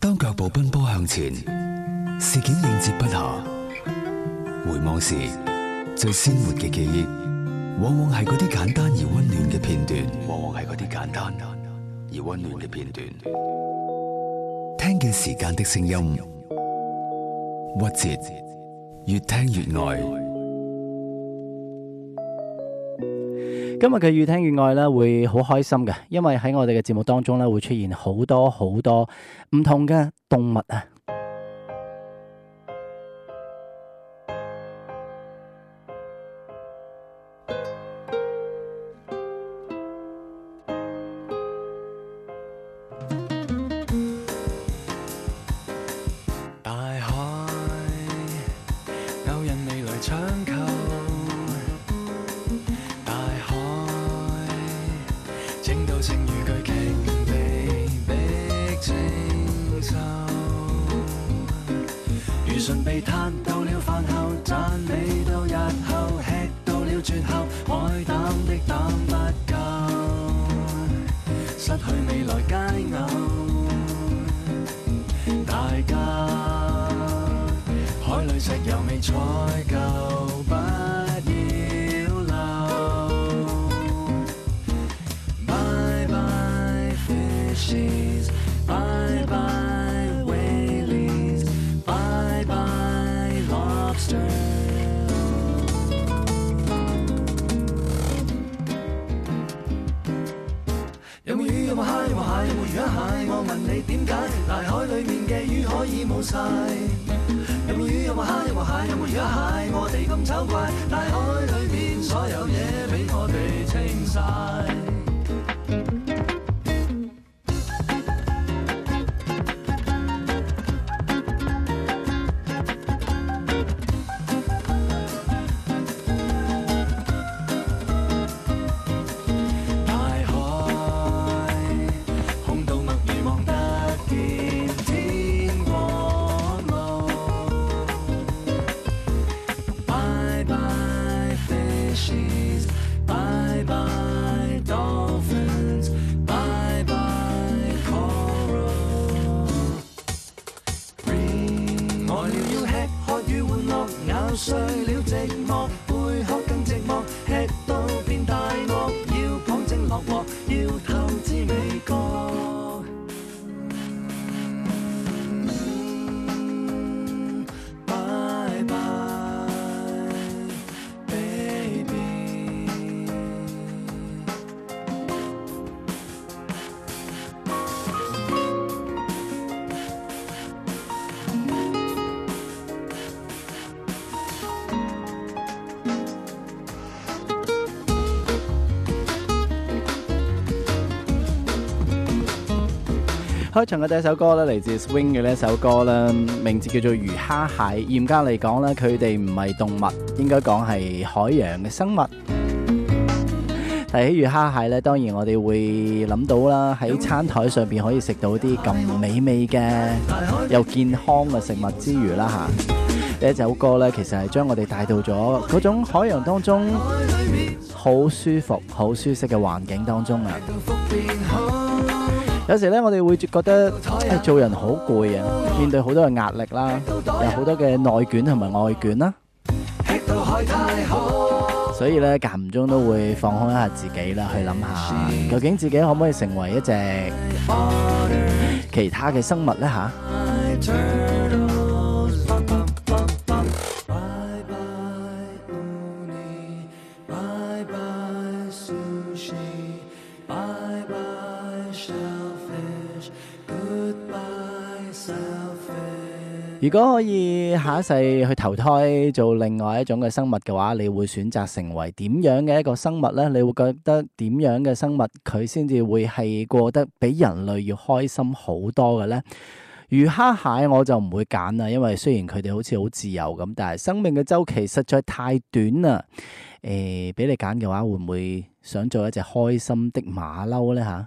當腳步奔波向前，事件應接不暇。回望時，最鮮活嘅記憶，往往係嗰啲簡單而溫暖嘅片段。往往係啲簡單而溫暖嘅片段。聽見時間的聲音，曲折，越聽越愛。今日佢越聽越愛咧，會好開心嘅，因為喺我哋嘅節目當中咧，會出現好多好多唔同嘅動物啊！有冇魚，有冇蝦，有冇蟹，有冇魚啊蟹，我問你點解？大海裏面嘅魚可以冇晒？有冇魚，有冇蝦，有冇蟹，有冇魚啊蟹，我哋咁醜怪，大海裏面所有嘢，俾我哋清晒。開場嘅第一首歌呢，嚟自 Swing 嘅呢一首歌呢，名字叫做《魚蝦蟹》。嚴格嚟講呢，佢哋唔係動物，應該講係海洋嘅生物。提起 魚蝦蟹呢，當然我哋會諗到啦，喺餐台上邊可以食到啲咁美味嘅又健康嘅食物之餘啦，吓呢 一首歌呢，其實係將我哋帶到咗嗰種海洋當中好舒服、好舒適嘅環境當中啊。 有時咧，我哋會覺得，誒，做人好攰啊，面對好多嘅壓力啦，有好多嘅內卷同埋外卷啦，所以咧間唔中都會放空一下自己啦，去諗下究竟自己可唔可以成為一隻其他嘅生物咧嚇？如果可以下一世去投胎做另外一種嘅生物嘅話，你會選擇成為點樣嘅一個生物咧？你會覺得點樣嘅生物佢先至會係過得比人類要開心好多嘅咧？魚蝦蟹我就唔會揀啦，因為雖然佢哋好似好自由咁，但係生命嘅周期實在太短啦。誒、欸，俾你揀嘅話，會唔會想做一隻開心的馬騮咧？吓？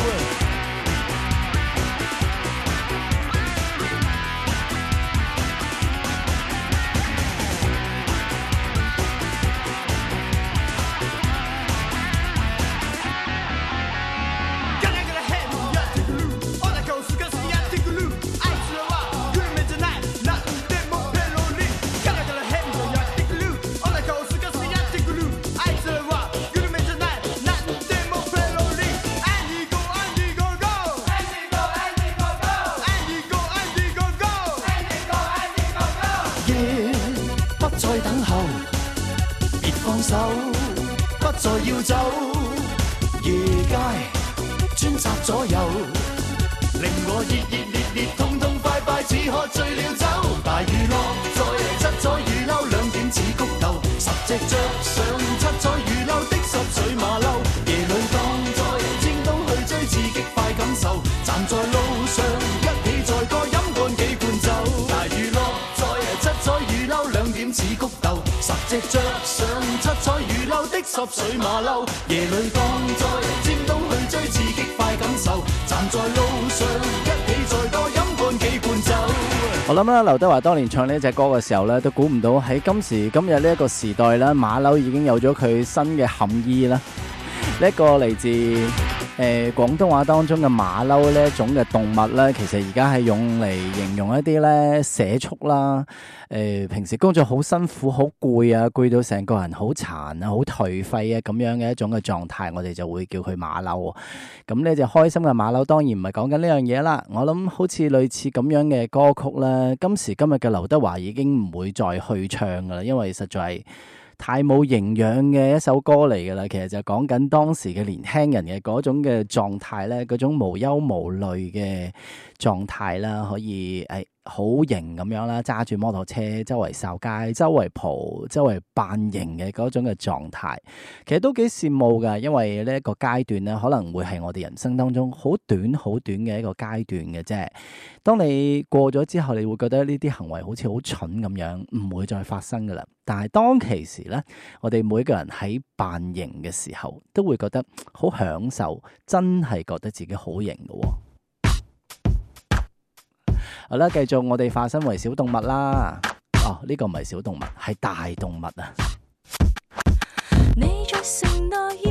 水馬騮，夜裏放在尖東去追刺激快感受，站在路上一起再多飲半幾半酒。我諗咧，劉德華當年唱呢隻歌嘅時候咧，都估唔到喺今時今日呢一個時代咧，馬騮已經有咗佢新嘅含義啦。呢一個嚟自。誒，廣東話當中嘅馬騮呢一種嘅動物呢，其實而家係用嚟形容一啲呢社畜啦，誒、呃，平時工作好辛苦、好攰啊，攰到成個人好殘啊、好頹廢啊咁樣嘅一種嘅狀態，我哋就會叫佢馬騮。咁咧隻開心嘅馬騮，當然唔係講緊呢樣嘢啦。我諗好似類似咁樣嘅歌曲啦，今時今日嘅劉德華已經唔會再去唱噶啦，因為實在。太冇營養嘅一首歌嚟㗎啦，其實就講緊當時嘅年輕人嘅嗰種嘅狀態咧，嗰種無憂無慮嘅狀態啦，可以，哎。好型咁樣啦，揸住摩托車周圍掃街，周圍蒲，周圍扮型嘅嗰種嘅狀態，其實都幾羨慕㗎！因為呢一個階段咧，可能會係我哋人生當中好短、好短嘅一個階段嘅啫。當你過咗之後，你會覺得呢啲行為好似好蠢咁樣，唔會再發生噶啦。但係當其時咧，我哋每個人喺扮型嘅時候，都會覺得好享受，真係覺得自己好型嘅。好啦，繼續我哋化身為小動物啦。哦，呢個唔係小動物，係大動物啊！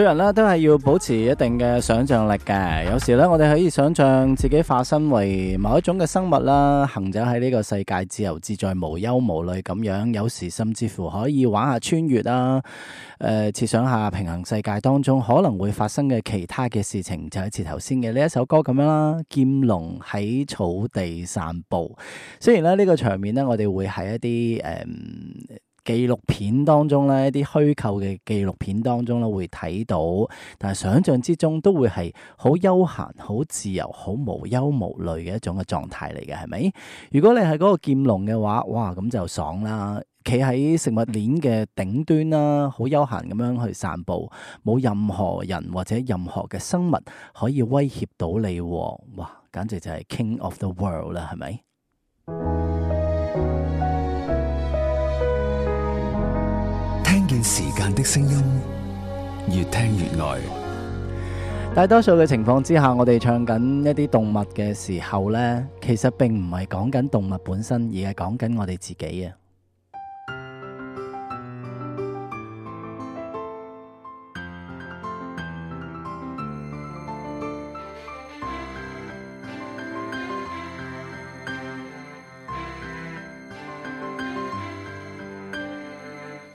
做人都係要保持一定嘅想象力嘅有時咧，我哋可以想象自己化身為某一種嘅生物啦，行走喺呢個世界自由自在，無憂無慮咁樣。有時甚至乎可以玩下穿越啦，誒、呃，設想下平行世界當中可能會發生嘅其他嘅事情。就似頭先嘅呢一首歌咁樣啦，劍龍喺草地散步。雖然咧，呢個場面呢，我哋會喺一啲誒。紀錄片當中咧，一啲虛構嘅紀錄片當中咧會睇到，但係想像之中都會係好悠閒、好自由、好無憂無慮嘅一種嘅狀態嚟嘅，係咪？如果你係嗰個劍龍嘅話，哇，咁就爽啦！企喺食物鏈嘅頂端啦，好悠閒咁樣去散步，冇任何人或者任何嘅生物可以威脅到你，哇！簡直就係 king of the world 啦，係咪？時間的聲音越聽越愛。大多數嘅情況之下，我哋唱緊一啲動物嘅時候呢，其實並唔係講緊動物本身，而係講緊我哋自己啊。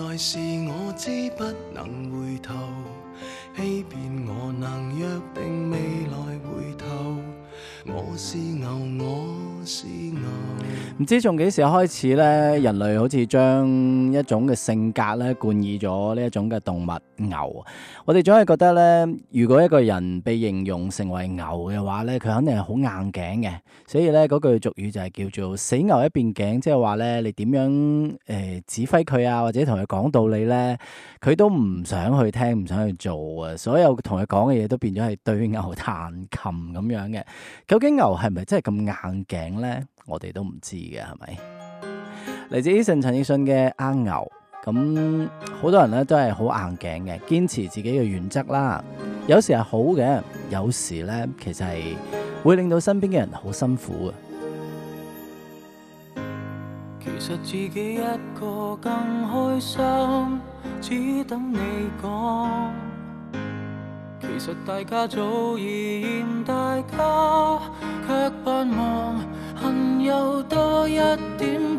我是牛，我是牛，唔知從幾時開始咧，人類好似將一種嘅性格咧冠以咗呢一種嘅動物牛。我哋總係覺得咧，如果一個人被形容成為牛嘅話咧，佢肯定係好硬頸嘅。所以咧，嗰句俗語就係叫做死牛一邊頸，即係話咧，你點樣誒、呃、指揮佢啊，或者同佢講道理咧，佢都唔想去聽，唔想去做啊。所有同佢講嘅嘢都變咗係對牛彈琴咁樣嘅。究竟牛係咪真係咁硬頸咧？我哋都唔知嘅，係咪？嚟自陳奕迅嘅《阿牛》。咁、嗯、好多人咧都係好硬頸嘅，堅持自己嘅原則啦。有時係好嘅，有時咧其實係會令到身邊嘅人好辛苦嘅。其實自己一個更開心，只等你講，其實大家早已嫌大家，卻扮忙，有多一點嘅。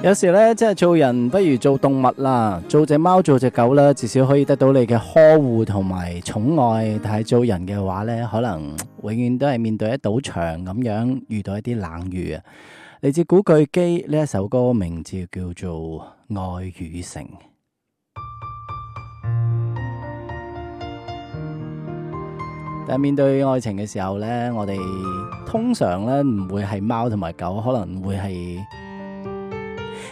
有時咧，即係做人不如做動物啦，做隻貓做隻狗啦，至少可以得到你嘅呵護同埋寵愛。但係做人嘅話咧，可能永遠都係面對一堵牆咁樣，遇到一啲冷遇啊。嚟自古巨基呢一首歌，名字叫做《愛與誠》。但係面對愛情嘅時候咧，我哋通常咧唔會係貓同埋狗，可能會係。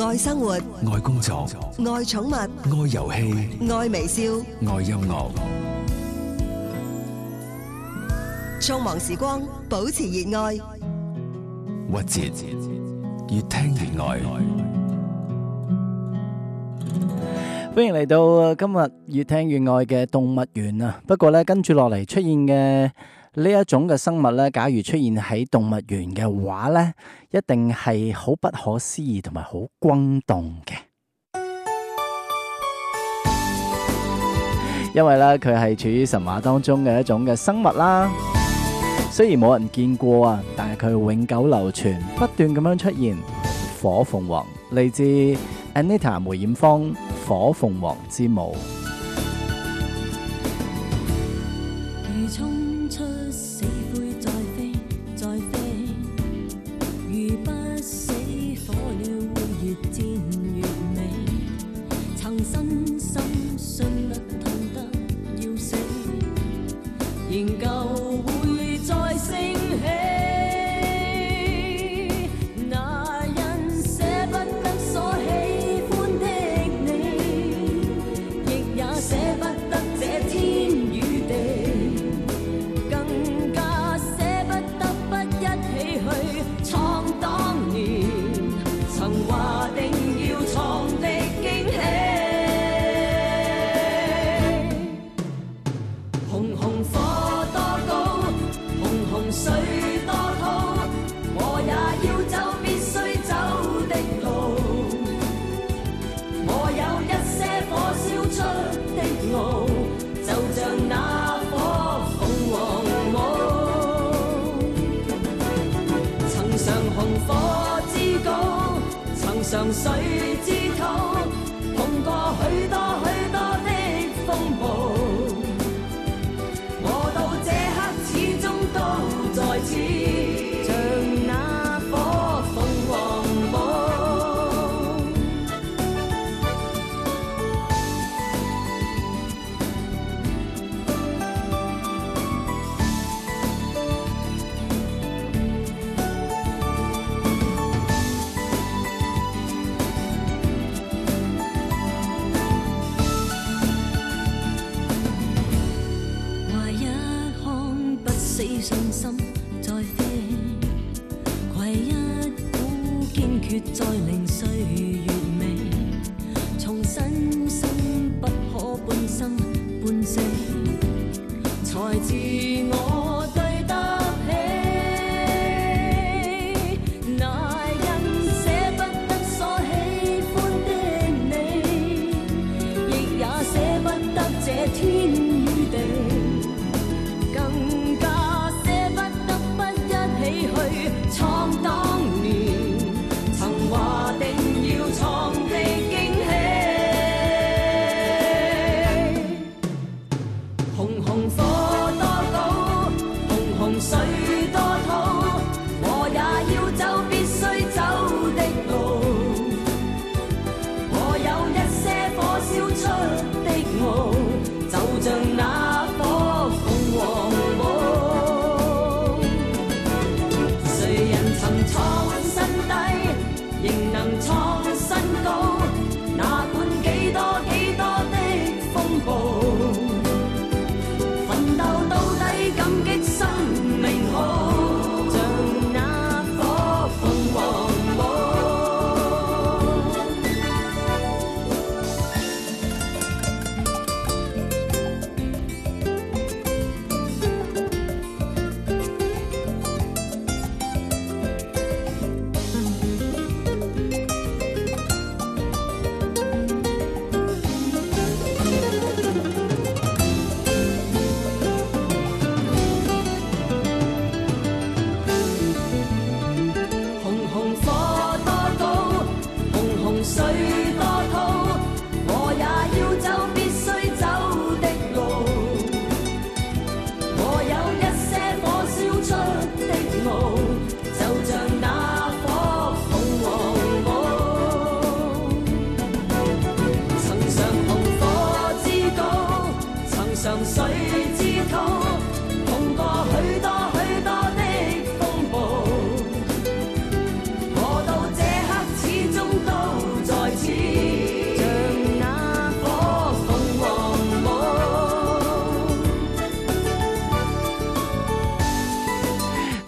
愛生活，愛工作，愛寵物，愛遊戲，愛微笑，愛音樂。匆忙時光，保持熱愛。屈折，越聽越愛。歡迎嚟到今日越聽越愛嘅動物園啊！不過呢，跟住落嚟出現嘅。呢一種嘅生物咧，假如出現喺動物園嘅話咧，一定係好不可思議同埋好轟動嘅，因為咧佢係處於神話當中嘅一種嘅生物啦。雖然冇人見過啊，但係佢永久流傳，不斷咁樣出現。火鳳凰，嚟自 Anita 梅豔芳《火鳳凰之舞》。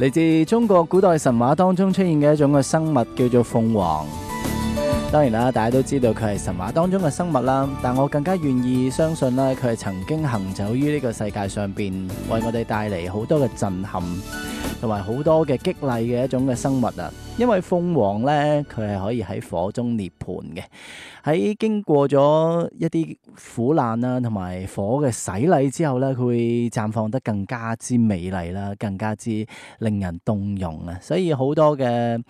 嚟自中國古代神話當中出現嘅一種嘅生物叫做鳳凰。當然啦，大家都知道佢係神話當中嘅生物啦。但我更加願意相信咧，佢係曾經行走於呢個世界上邊，為我哋帶嚟好多嘅震撼，同埋好多嘅激勵嘅一種嘅生物啊。因為鳳凰咧，佢係可以喺火中涅槃嘅，喺經過咗一啲苦難啦，同埋火嘅洗禮之後咧，佢會綻放得更加之美麗啦，更加之令人動容啊！所以好多嘅。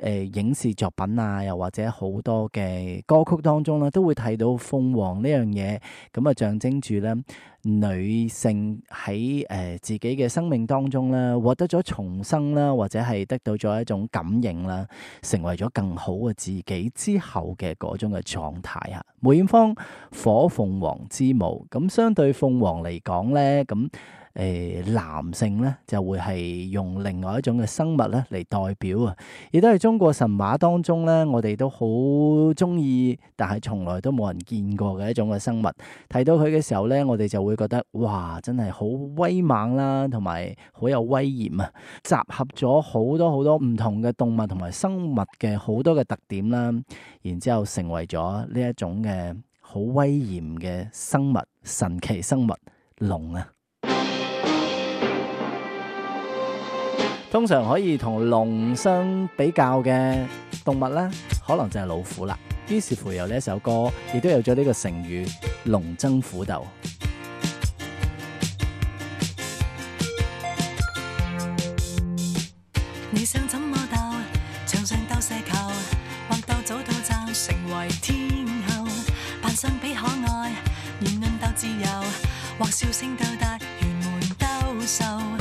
誒影視作品啊，又或者好多嘅歌曲當中咧，都會睇到鳳凰呢樣嘢，咁啊象徵住咧女性喺誒自己嘅生命當中咧獲得咗重生啦，或者係得到咗一種感應啦，成為咗更好嘅自己之後嘅嗰種嘅狀態啊。梅艷芳《火鳳凰之舞》，咁相對鳳凰嚟講咧，咁。誒，男性咧就會係用另外一種嘅生物咧嚟代表啊，亦都係中國神話當中咧，我哋都好中意，但係從來都冇人見過嘅一種嘅生物。睇到佢嘅時候咧，我哋就會覺得哇，真係好威猛啦，同埋好有威嚴啊！集合咗好多好多唔同嘅動物同埋生物嘅好多嘅特點啦，然之後成為咗呢一種嘅好威嚴嘅生物，神奇生物龍啊！通常可以同龍相比較嘅動物咧，可能就係老虎啦。於是乎有呢一首歌，亦都有咗呢個成語：龍爭虎鬥。你想怎麼鬥？牆上鬥射球，或鬥早到站成為天后，扮相比可愛，言論鬥自由，或笑聲鬥達，圓滿鬥獸。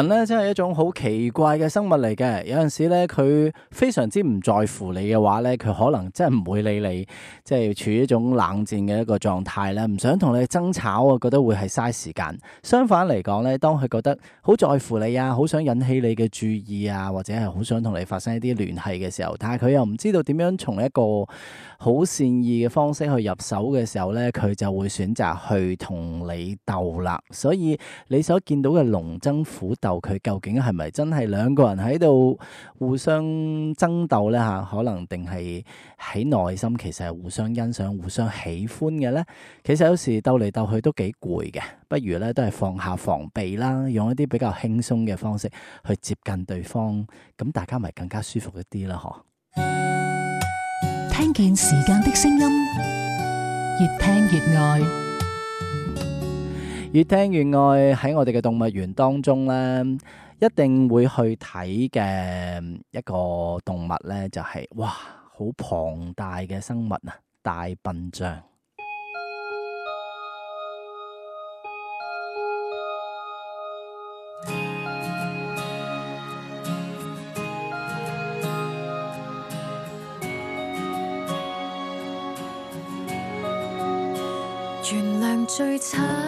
人咧真係一種好奇怪嘅生物嚟嘅，有陣時咧佢非常之唔在乎你嘅話咧，佢可能真係唔會理你，即係處於一種冷戰嘅一個狀態啦，唔想同你爭吵，我覺得會係嘥時間。相反嚟講咧，當佢覺得好在乎你啊，好想引起你嘅注意啊，或者係好想同你發生一啲聯繫嘅時候，但係佢又唔知道點樣從一個好善意嘅方式去入手嘅時候咧，佢就會選擇去同你鬥啦。所以你所見到嘅龍爭虎鬥。佢究竟係咪真係兩個人喺度互相爭鬥呢？吓，可能定係喺內心其實係互相欣賞、互相喜歡嘅呢？其實有時鬥嚟鬥去都幾攰嘅，不如咧都係放下防備啦，用一啲比較輕鬆嘅方式去接近對方，咁大家咪更加舒服一啲啦。嗬，聽見時間的聲音，越聽越愛。越聽越愛。喺我哋嘅動物園當中咧，一定會去睇嘅一個動物咧，就是，就係哇，好龐大嘅生物啊，大笨象。原諒最慘。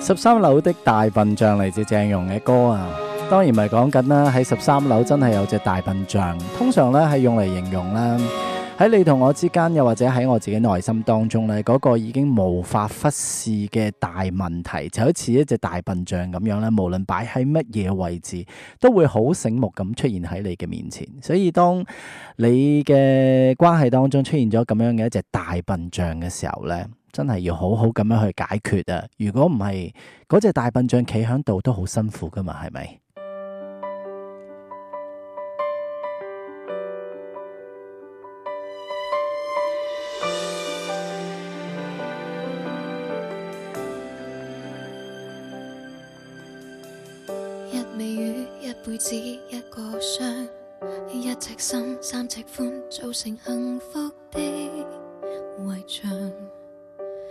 十三樓的大笨象嚟自鄭融嘅歌啊，當然唔係講緊啦。喺十三樓真係有隻大笨象，通常咧係用嚟形容啦。喺你同我之間，又或者喺我自己的內心當中咧，嗰個已經無法忽視嘅大問題，就好似一隻大笨象咁樣咧。無論擺喺乜嘢位置，都會好醒目咁出現喺你嘅面前。所以，當你嘅關係當中出現咗咁樣嘅一隻大笨象嘅時候咧，真係要好好咁樣去解決啊！如果唔係，嗰隻大笨象企喺度都好辛苦噶嘛，係咪？一尾魚，一輩子，一個傷；一隻心，三尺寬，造成幸福的圍牆。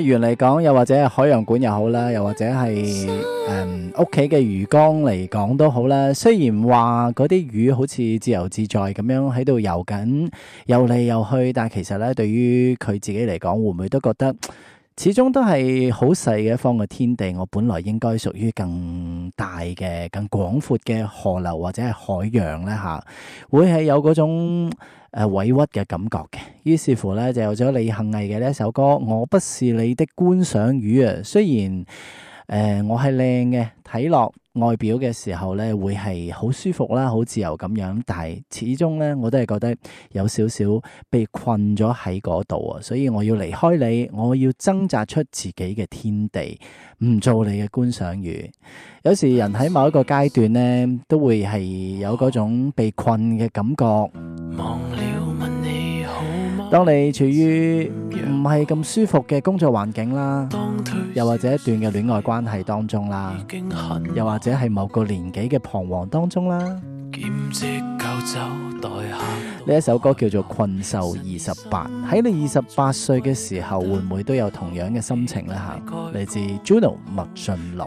原嚟講，又或者係海洋館又好啦，又或者係誒屋企嘅魚缸嚟講都好啦。雖然話嗰啲魚好似自由自在咁樣喺度游緊，游嚟游去，但係其實咧，對於佢自己嚟講，會唔會都覺得？始終都係好細嘅一方嘅天地，我本來應該屬於更大嘅更廣闊嘅河流或者係海洋咧，吓，會係有嗰種誒委屈嘅感覺嘅。於是乎咧，就有咗李行毅嘅呢一首歌《我不是你的觀賞魚》啊，雖然誒、呃、我係靚嘅，睇落，外表嘅時候咧，會係好舒服啦，好自由咁樣。但係始終咧，我都係覺得有少少被困咗喺嗰度啊，所以我要離開你，我要掙扎出自己嘅天地，唔做你嘅觀賞魚。有時人喺某一個階段咧，都會係有嗰種被困嘅感覺。忘了當你處於唔係咁舒服嘅工作環境啦，嗯，又或者一段嘅戀愛關係當中啦，嗯，又或者係某個年紀嘅彷徨當中啦，呢、嗯、一首歌叫做《困獸二十八》，喺你二十八歲嘅時候，會唔會都有同樣嘅心情呢？吓，嚟自 Juno 麥浚龍。